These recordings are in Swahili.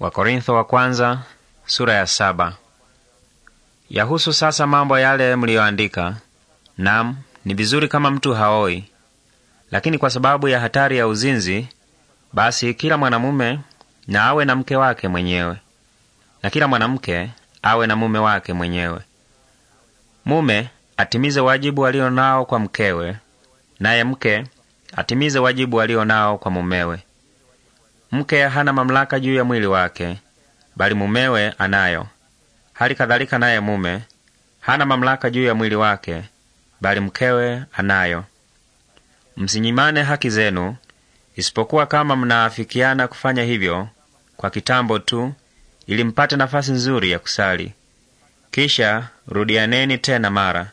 Wakorintho wa kwanza, sura ya saba. Yahusu sasa mambo yale mliyoandika, nam ni vizuri kama mtu haoi. Lakini kwa sababu ya hatari ya uzinzi, basi kila mwanamume na awe na mke wake mwenyewe, na kila mwanamke awe na mume wake mwenyewe. Mume atimize wajibu alio nao kwa mkewe, naye mke atimize wajibu alio nao kwa mumewe. Mke hana mamlaka juu ya mwili wake, bali mumewe anayo. Hali kadhalika naye mume hana mamlaka juu ya mwili wake, bali mkewe anayo. Msinyimane haki zenu, isipokuwa kama mnaafikiana kufanya hivyo kwa kitambo tu, ili mpate nafasi nzuri ya kusali. Kisha rudianeni tena mara,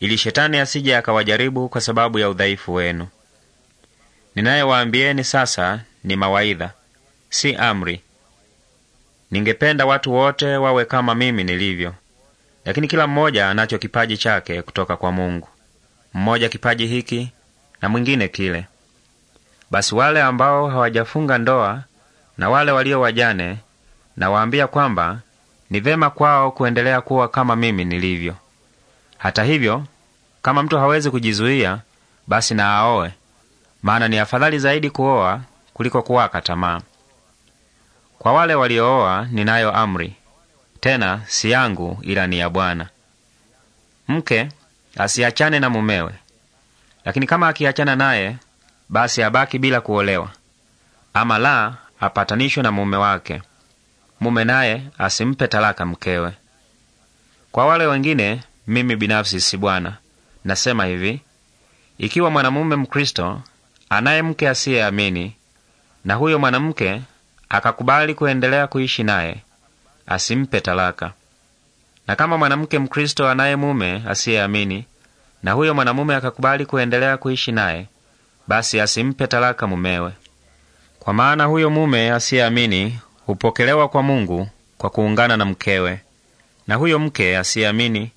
ili shetani asije akawajaribu kwa sababu ya udhaifu wenu. Ninayewaambieni sasa ni mawaidha, si amri. Ningependa watu wote wawe kama mimi nilivyo, lakini kila mmoja anacho kipaji chake kutoka kwa Mungu, mmoja kipaji hiki na mwingine kile. Basi wale ambao hawajafunga ndoa na wale walio wajane, nawaambia kwamba ni vema kwao kuendelea kuwa kama mimi nilivyo. Hata hivyo, kama mtu hawezi kujizuia, basi na aoe, maana ni afadhali zaidi kuoa kuliko kuwaka tamaa. Kwa wale waliooa ninayo amri, tena si yangu, ila ni ya Bwana. Mke asiachane na mumewe, lakini kama akiachana naye, basi abaki bila kuolewa, ama la apatanishwe na mume wake. Mume naye asimpe talaka mkewe. Kwa wale wengine, mimi binafsi si Bwana, nasema hivi: ikiwa mwanamume Mkristo anaye mke asiyeamini, na huyo mwanamke akakubali kuendelea kuishi naye, asimpe talaka. Na kama mwanamke Mkristo anaye mume asiyeamini na huyo mwanamume akakubali kuendelea kuishi naye, basi asimpe talaka mumewe, kwa maana huyo mume asiyeamini hupokelewa kwa Mungu kwa kuungana na mkewe, na huyo mke asiyeamini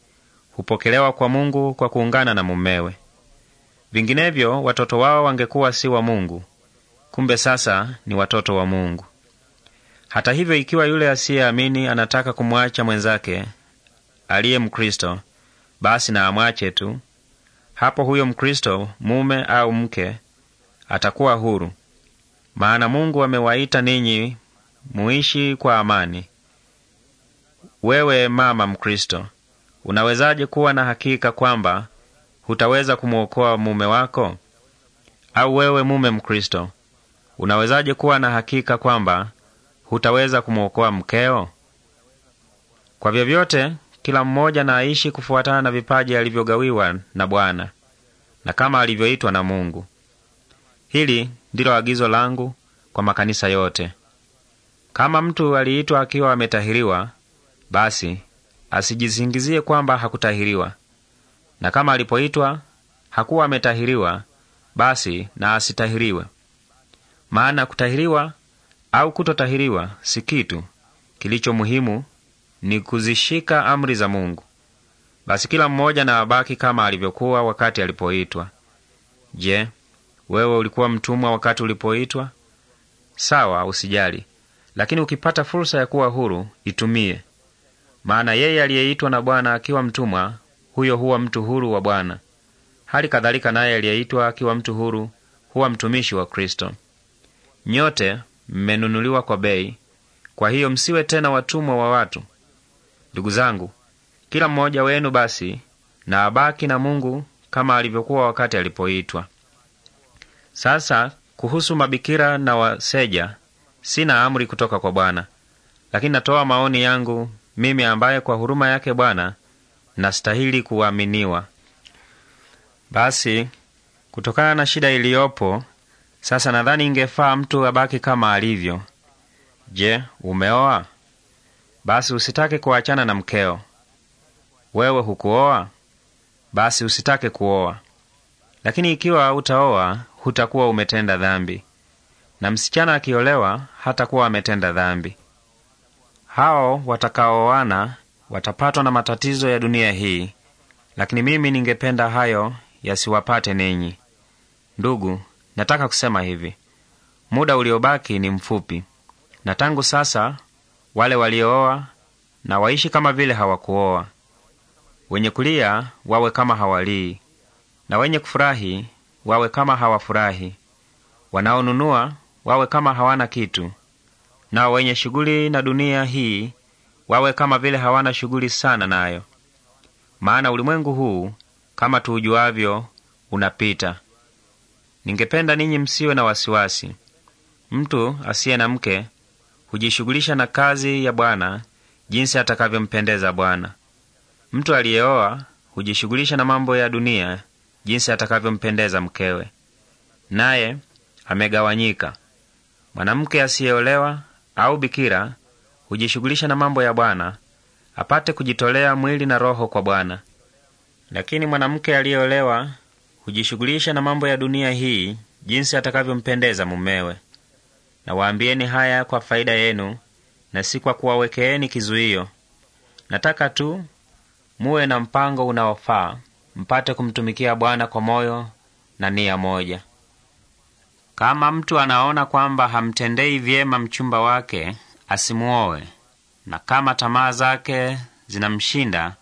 hupokelewa kwa Mungu kwa kuungana na mumewe. Vinginevyo watoto wao wangekuwa si wa Mungu, kumbe sasa ni watoto wa Mungu. Hata hivyo, ikiwa yule asiyeamini anataka kumwacha mwenzake aliye Mkristo, basi na amwache tu. Hapo huyo Mkristo, mume au mke, atakuwa huru, maana Mungu amewaita ninyi muishi kwa amani. Wewe mama Mkristo, unawezaje kuwa na hakika kwamba hutaweza kumwokoa mume wako? Au wewe mume Mkristo, unawezaje kuwa na hakika kwamba hutaweza kumwokoa mkeo? Kwa vyovyote, kila mmoja na aishi kufuatana na vipaji alivyogawiwa na Bwana na kama alivyoitwa na Mungu. Hili ndilo agizo langu kwa makanisa yote. Kama mtu aliitwa akiwa ametahiriwa, basi asijizingizie kwamba hakutahiriwa, na kama alipoitwa hakuwa ametahiriwa, basi na asitahiriwe. Maana kutahiriwa au kutotahiriwa si kitu. Kilicho muhimu ni kuzishika amri za Mungu. Basi kila mmoja na abaki kama alivyokuwa wakati alipoitwa. Je, wewe ulikuwa mtumwa wakati ulipoitwa? Sawa, usijali, lakini ukipata fursa ya kuwa huru itumie. Maana yeye aliyeitwa na Bwana akiwa mtumwa, huyo huwa mtu huru wa Bwana. Hali kadhalika naye aliyeitwa akiwa mtu huru huwa mtumishi wa Kristo. Nyote mmenunuliwa kwa bei, kwa hiyo msiwe tena watumwa wa watu. Ndugu zangu, kila mmoja wenu basi na abaki na Mungu kama alivyokuwa wakati alipoitwa. Sasa kuhusu mabikira na waseja, sina amri kutoka kwa Bwana, lakini natoa maoni yangu mimi, ambaye kwa huruma yake Bwana nastahili kuaminiwa. Basi kutokana na shida iliyopo sasa nadhani ingefaa mtu abaki kama alivyo. Je, umeoa? Basi usitake kuachana na mkeo. Wewe hukuoa? Basi usitake kuoa. Lakini ikiwa utaoa, hutakuwa umetenda dhambi, na msichana akiolewa hatakuwa ametenda dhambi. Hao watakaoana watapatwa na matatizo ya dunia hii, lakini mimi ningependa hayo yasiwapate ninyi, ndugu. Nataka kusema hivi: muda uliobaki ni mfupi, na tangu sasa wale waliooa na waishi kama vile hawakuoa, wenye kulia wawe kama hawalii, na wenye kufurahi wawe kama hawafurahi, wanaonunua wawe kama hawana kitu, na wenye shughuli na dunia hii wawe kama vile hawana shughuli sana nayo, maana ulimwengu huu kama tuujuavyo unapita. Ningependa ninyi msiwe na wasiwasi. Mtu asiye na mke hujishughulisha na kazi ya Bwana jinsi atakavyompendeza Bwana. Mtu aliyeoa hujishughulisha na mambo ya dunia jinsi atakavyompendeza mkewe, naye amegawanyika. Mwanamke asiyeolewa au bikira hujishughulisha na mambo ya Bwana apate kujitolea mwili na roho kwa Bwana. Lakini mwanamke aliyeolewa hujishughulisha na mambo ya dunia hii, jinsi atakavyompendeza mumewe. Nawaambieni haya kwa faida yenu na si kwa kuwawekeeni kizuio. Nataka tu muwe na mpango unaofaa, mpate kumtumikia Bwana kwa moyo na nia moja. Kama mtu anaona kwamba hamtendei vyema mchumba wake, asimuowe. Na kama tamaa zake zinamshinda,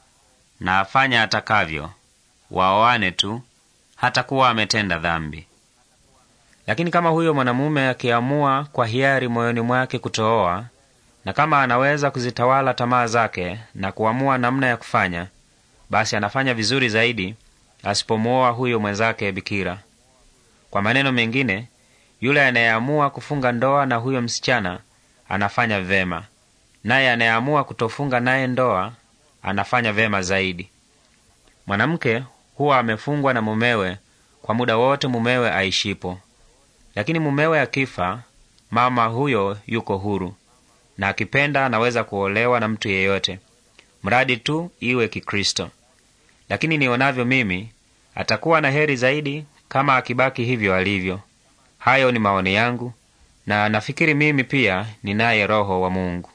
na afanya atakavyo, waoane tu, hatakuwa ametenda dhambi. Lakini kama huyo mwanamume akiamua kwa hiari moyoni mwake kutooa, na kama anaweza kuzitawala tamaa zake na kuamua namna ya kufanya, basi anafanya vizuri zaidi asipomwoa huyo mwenzake bikira. Kwa maneno mengine, yule anayeamua kufunga ndoa na huyo msichana anafanya vema, naye anayeamua kutofunga naye ndoa anafanya vema zaidi. Mwanamke huwa amefungwa na mumewe kwa muda wote mumewe aishipo. Lakini mumewe akifa, mama huyo yuko huru, na akipenda anaweza kuolewa na mtu yeyote, mradi tu iwe Kikristo. Lakini nionavyo mimi, atakuwa na heri zaidi kama akibaki hivyo alivyo. Hayo ni maoni yangu, na nafikiri mimi pia ninaye Roho wa Mungu.